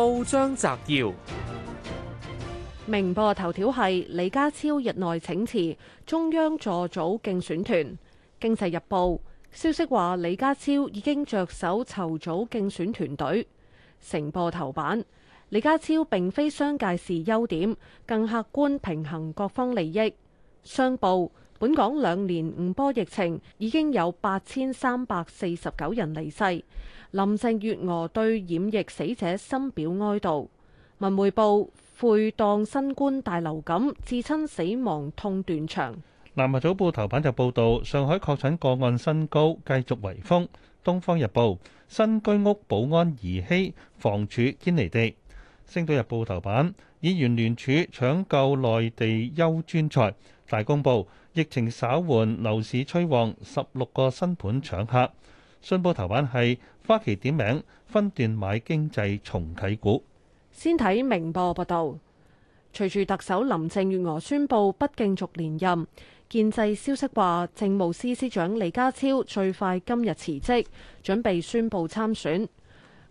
報章摘要：明報頭條係李家超日內請辭，中央助組競選團。經濟日報消息話，李家超已經着手籌組競選團隊。成報頭版，李家超並非商界是優點，更客觀平衡各方利益。商報：本港兩年五波疫情已經有八千三百四十九人離世。林鄭月娥對染疫死者深表哀悼。文匯報：悔當新冠大流感，至親死亡痛斷腸。南華早報頭版就報導上海確診個案新高，繼續圍封。東方日報：新居屋保安兒欺房署堅離地。星島日報頭版：議員聯署搶救內地優專才。大公布，疫情稍緩，樓市趨旺，十六個新盤搶客。信報頭版係花旗點名分段，買經濟重啟股。先睇明報報道，隨住特首林鄭月娥宣布不競逐連任，建制消息話，政務司司長李家超最快今日辭職，準備宣佈參選。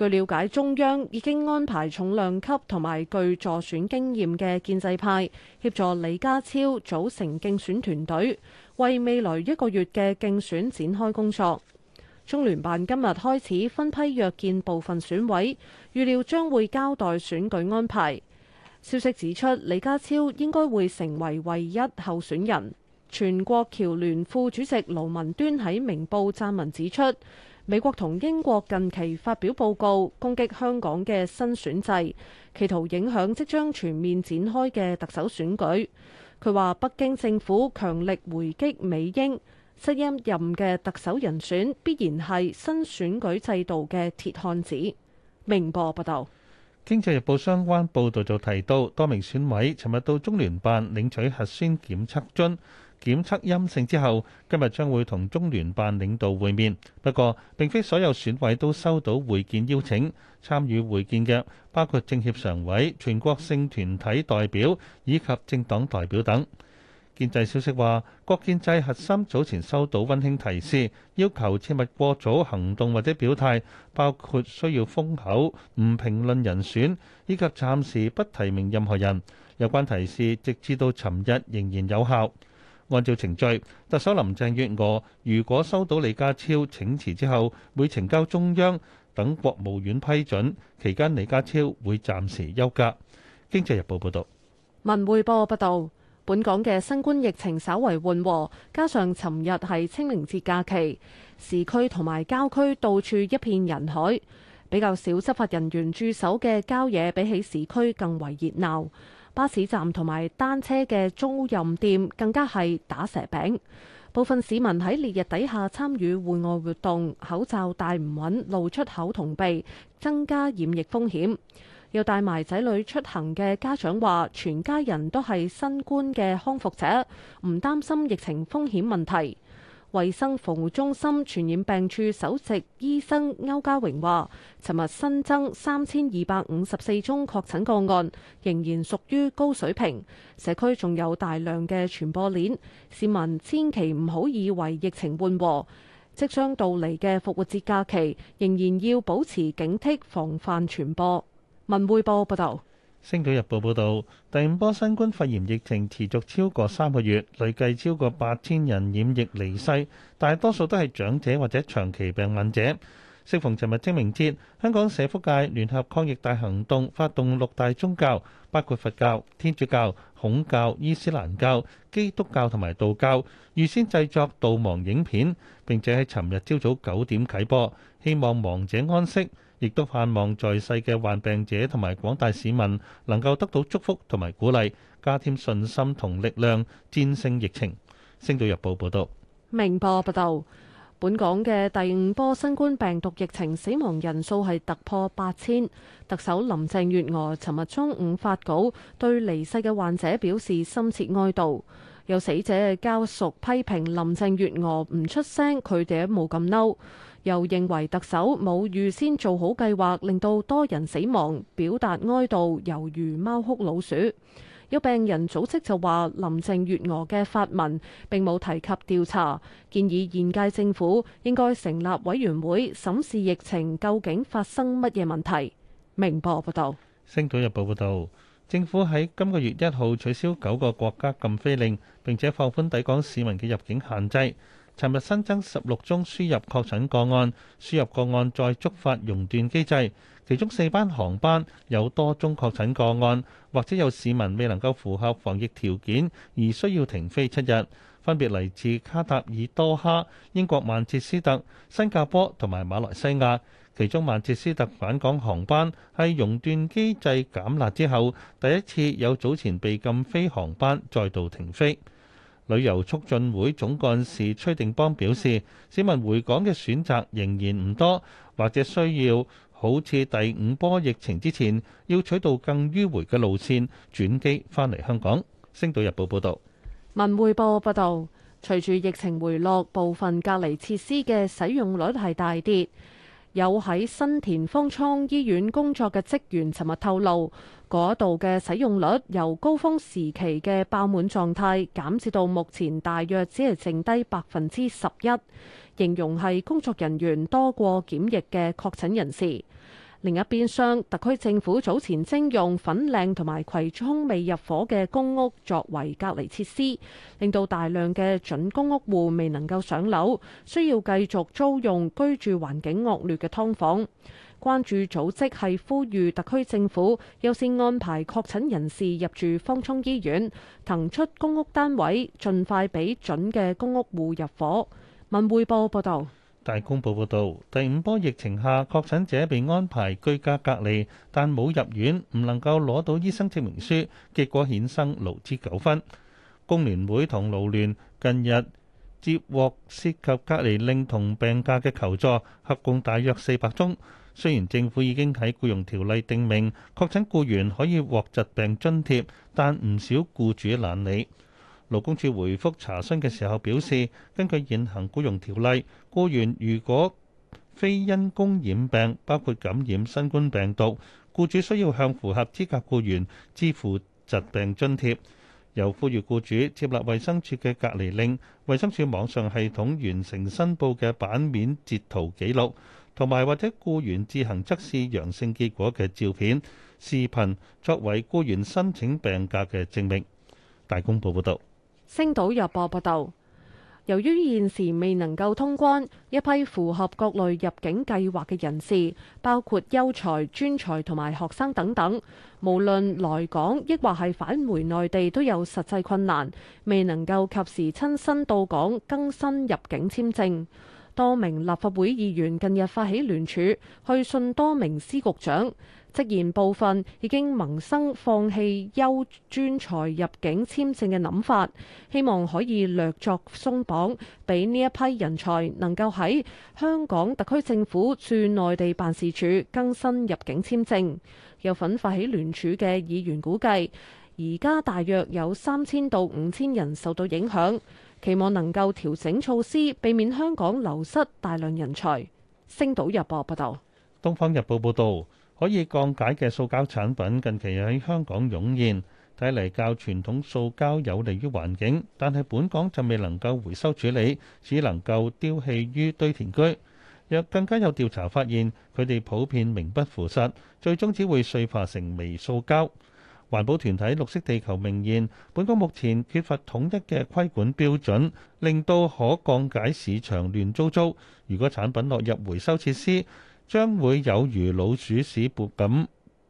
據了解，中央已經安排重量級同埋具助選經驗嘅建制派協助李家超組成競選團隊，為未來一個月嘅競選展開工作。中聯辦今日開始分批約見部分選委，預料將會交代選舉安排。消息指出，李家超應該會成為唯一候選人。全國僑聯副主席盧文端喺明報撰文，指出美國同英國近期發表報告，攻擊香港嘅新選制，企圖影響即將全面展開嘅特首選舉。佢話北京政府強力回擊美英，失實任嘅特首人選必然係新選舉制度嘅鐵漢子。明報報道。經濟日報相關報導就提到，多名選委尋日到中聯辦領取核酸檢測樽，檢測陰性之後，今日將會同中聯辦領導會面。不過，並非所有選委都收到會見邀請，參與會見嘅包括政協常委、全國性團體代表以及政黨代表等。建制消息話，國建制核心早前收到溫馨提示，要求切勿過早行動或者表態，包括需要封口、唔評論人選以及暫時不提名任何人。有關提示直至到尋日仍然有效。按照程序，特首林鄭月娥如果收到李家超請辭之後，會呈交中央等國務院批准，期間李家超會暫時休假。經濟日報報道，文匯報報道。本港嘅新冠疫情稍為緩和，加上尋日係清明節假期，市區同埋郊區到處一片人海，比較少執法人員駐守嘅郊野比起市區更為熱鬧。巴士站同埋單車嘅租賃店更加係打蛇餅。部分市民喺烈日底下參與戶外活動，口罩戴唔穩，露出口同鼻，增加染疫風險。要帶埋仔女出行嘅家長話：全家人都係新冠嘅康復者，唔擔心疫情風險問題。衞生防護中心傳染病處首席醫生歐家榮話，尋日新增三千二百五十四宗確診個案，仍然屬於高水平，社區仲有大量嘅傳播鏈。市民千祈唔好以為疫情緩和，即將到嚟嘅復活節假期，仍然要保持警惕，防範傳播。文匯報報道，《星島日報》報道，第五波新冠肺炎疫情持續超過三個月，累計超過八千人染疫離世，大多數都係長者或者長期病患者。適逢尋日清明節，香港社福界聯合抗疫大行動，發動六大宗教，包括佛教、天主教、孔教、伊斯蘭教、基督教同埋道教，預先製作悼亡影片，並且喺尋日朝早九點啟播，希望亡者安息。亦都盼望在世嘅患病者同埋廣大市民能夠得到祝福同埋鼓勵，加添信心同力量，戰勝疫情。星島日報報道，明報報道，本港嘅第五波新冠病毒疫情死亡人數係突破八千。特首林鄭月娥尋日中午發稿，對離世嘅患者表示深切哀悼。有死者嘅家屬批評林鄭月娥唔出聲，佢哋冇咁嬲，又認為特首冇預先做好計劃，令到多人死亡，表達哀悼猶如貓哭老鼠。有病人組織就話，林鄭月娥嘅發文並冇提及調查，建議現屆政府應該成立委員會審視疫情究竟發生乜嘢問題。明報報道，星島日報報道。政府喺今個月一號取消九個國家禁飛令，並且放寬抵港市民嘅入境限制。尋日新增十六宗輸入確診個案，輸入個案再觸發熔斷機制，其中四班航班有多宗確診個案，或者有市民未能夠符合防疫條件而需要停飛七日，分別嚟自卡塔爾、多哈、英國曼徹斯特、新加坡同埋馬來西亞。其中，曼徹斯特返港航班係熔斷機制減辣之後，第一次有早前被禁飛航班再度停飛。旅遊促進會總幹事崔定邦表示，市民回港嘅選擇仍然唔多，或者需要好似第五波疫情之前，要取道更迂回嘅路線轉機翻嚟香港。星島日報報道，文匯報報道，隨住疫情回落，部分隔離設施嘅使用率係大跌。有喺新田方艙醫院工作嘅職員尋日透露，嗰度嘅使用率由高峰時期嘅爆滿狀態，減少到目前大約只係剩低百分之十一，形容係工作人員多過檢疫嘅確診人士。另一邊廂，特區政府早前徵用粉嶺同埋葵涌未入伙嘅公屋作為隔離設施，令到大量嘅準公屋戶未能夠上樓，需要繼續租用居住環境惡劣嘅劏房。關注組織係呼籲特區政府優先安排確診人士入住方艙醫院，騰出公屋單位，盡快俾準嘅公屋戶入伙。文匯報報道。大公報報導，第五波疫情下，確診者被安排居家隔離，但冇入院，唔能夠攞到醫生證明書，結果衍生勞資糾紛。工聯會同勞聯近日接獲涉及隔離令同病假嘅求助，合共大約四百宗。雖然政府已經喺雇傭條例定名，確診雇員可以獲疾病津貼，但唔少雇主懶理。勞工處回覆查詢嘅時候表示，根據現行僱傭條例，僱員如果非因工染病，包括感染新冠病毒，雇主需要向符合資格僱員支付疾病津貼。又呼籲雇主接納衛生署嘅隔離令，衛生署網上系統完成申報嘅版面截圖記錄，同埋或者僱員自行測試陽性結果嘅照片、視頻，作為僱員申請病假嘅證明。大公報報導。星島日報報道，由於現時未能夠通關，一批符合各類入境計劃嘅人士，包括優才、專才同埋學生等等，無論來港亦或係返回內地，都有實際困難，未能夠及時親身到港更新入境簽證。多名立法會議員近日發起聯署，去信多名司局長。直言，即部分已經萌生放棄優專才入境簽證嘅諗法，希望可以略作鬆綁，俾呢一批人才能夠喺香港特區政府駐內地辦事處更新入境簽證。有份發起聯署嘅議員估計，而家大約有三千到五千人受到影響，期望能夠調整措施，避免香港流失大量人才。星島日報報道、啊、日報報道。《東方日報》報導。可以降解嘅塑膠產品近期喺香港湧現，睇嚟較傳統塑膠有利於環境，但係本港就未能夠回收處理，只能夠丟棄於堆填區。若更加有調查發現，佢哋普遍名不符實，最終只會碎化成微塑膠。環保團體綠色地球明言，本港目前缺乏統一嘅規管標準，令到可降解市場亂糟糟。如果產品落入回收設施，將會有如老鼠屎撥噉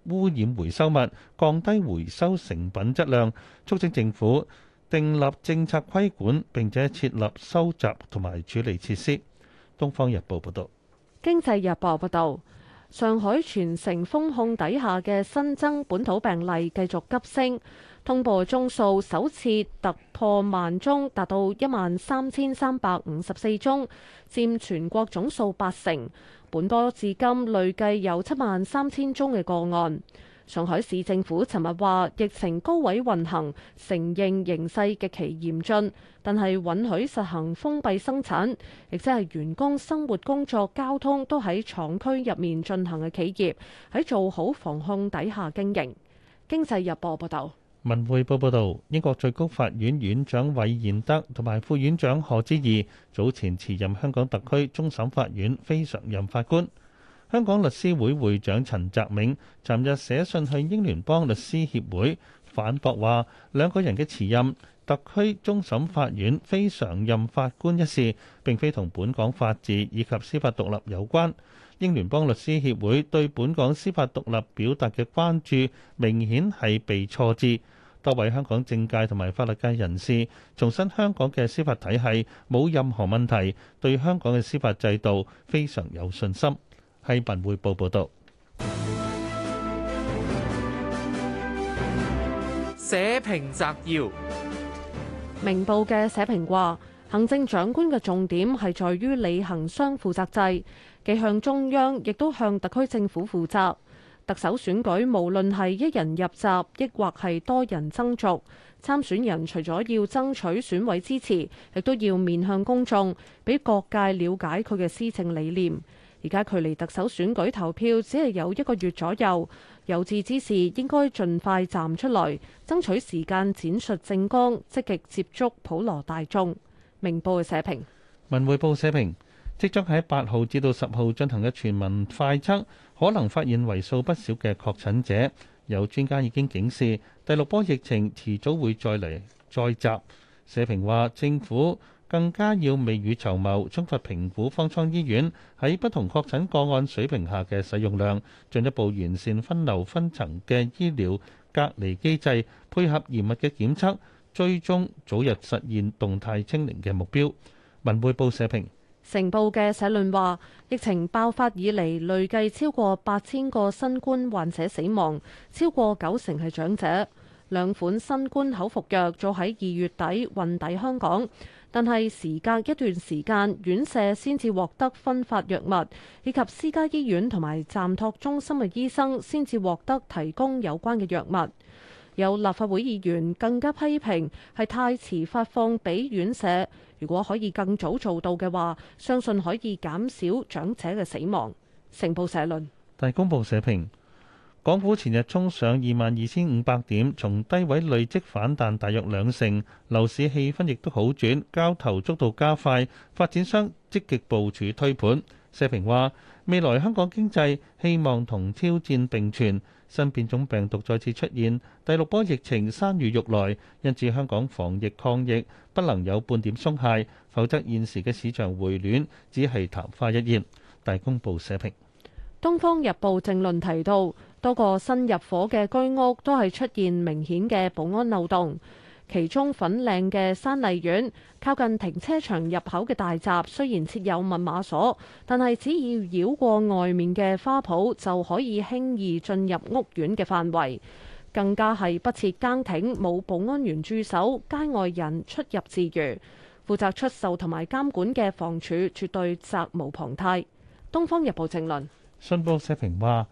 污染回收物，降低回收成品質量。促請政府訂立政策規管，並且設立收集同埋處理設施。《東方日報》報導。《經濟日報》報導，上海全城封控底下嘅新增本土病例繼續急升。通報宗數首次突破萬宗，達到一萬三千三百五十四宗，佔全國總數八成。本波至今累計有七萬三千宗嘅個案。上海市政府尋日話，疫情高位運行，承認形，形勢極其嚴峻，但係允許實行封閉生產，亦即係員工生活、工作、交通都喺廠區入面進行嘅企業喺做好防控底下經營。經濟日報報道。文匯報報道，英國最高法院院長韋彥德同埋副院長賀知義早前辭任香港特區終審法院非常任法官。香港律師會會長陳澤銘尋日寫信去英聯邦律師協會反駁話，兩個人嘅辭任特區終審法院非常任法官一事，並非同本港法治以及司法獨立有關。英聯邦律師協會對本港司法獨立表達嘅關注，明顯係被錯置。多位香港政界同埋法律界人士重申，香港嘅司法體系冇任何問題，對香港嘅司法制度非常有信心。係文匯報報道。社評摘要：明報嘅社評話。行政長官嘅重點係在於履行雙負責制，既向中央亦都向特區政府負責。特首選舉無論係一人入閘，抑或係多人爭逐，參選人除咗要爭取選委支持，亦都要面向公眾，俾各界了解佢嘅施政理念。而家距離特首選舉投票只係有一個月左右，有志之士應該盡快站出來，爭取時間展述政綱，積極接觸普羅大眾。明報社評。文匯報社評，即將喺八號至到十號進行嘅全民快測可能發現為數不少嘅確診者。有專家已經警示，第六波疫情遲早會再嚟，再襲社評話，政府更加要未雨綢繆，充分評估方艙醫院喺不同確診個案水平下嘅使用量，進一步完善分流分層嘅醫療隔離機制，配合嚴密嘅檢測，追蹤早日實現動態清零嘅目標。文匯報社評，成報嘅社論話，疫情爆發以嚟累計超過八千個新冠患者死亡，超過九成係長者。兩款新冠口服藥早喺二月底運抵香港，但係時隔一段時間，院舍先至獲得分發藥物，以及私家醫院同埋暫托中心嘅醫生先至獲得提供有關嘅藥物。有立法會議員更加批評係太遲發放俾院舍，如果可以更早做到嘅話，相信可以減少長者嘅死亡。成報社論，大公報社評，港股前日衝上二萬二千五百點，從低位累積反彈大約兩成，樓市氣氛亦都好轉，交投速度加快，發展商積極部署推盤。社評話。未來香港經濟希望同挑戰並存，新變種病毒再次出現，第六波疫情山雨欲來，因此香港防疫抗疫不能有半點鬆懈，否則現時嘅市場回暖只係曇花一現。大公報社評，《東方日報》正論提到，多個新入伙嘅居屋都係出現明顯嘅保安漏洞。其中粉嶺嘅山麗苑，靠近停車場入口嘅大閘，雖然設有密碼鎖，但係只要繞過外面嘅花圃就可以輕易進入屋苑嘅範圍。更加係不設更亭，冇保安員駐守，街外人出入自如。負責出售同埋監管嘅房署絕對責無旁貸。《東方日報》正論：信報社評話，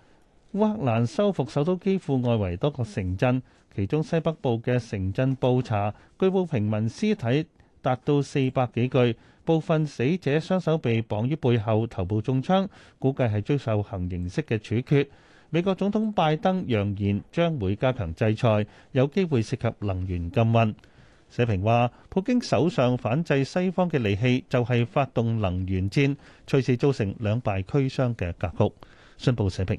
烏克蘭收復首都基輔外圍多個城鎮。其中西北部嘅城鎮布查，據報平民屍體達到四百幾具，部分死者雙手被綁於背後，頭部中槍，估計係遭受行刑式嘅處決。美國總統拜登揚言將會加強制裁，有機會涉及能源禁運。社評話：普京手上反制西方嘅利器就係發動能源戰，隨時造成兩敗俱傷嘅格局。信報社評。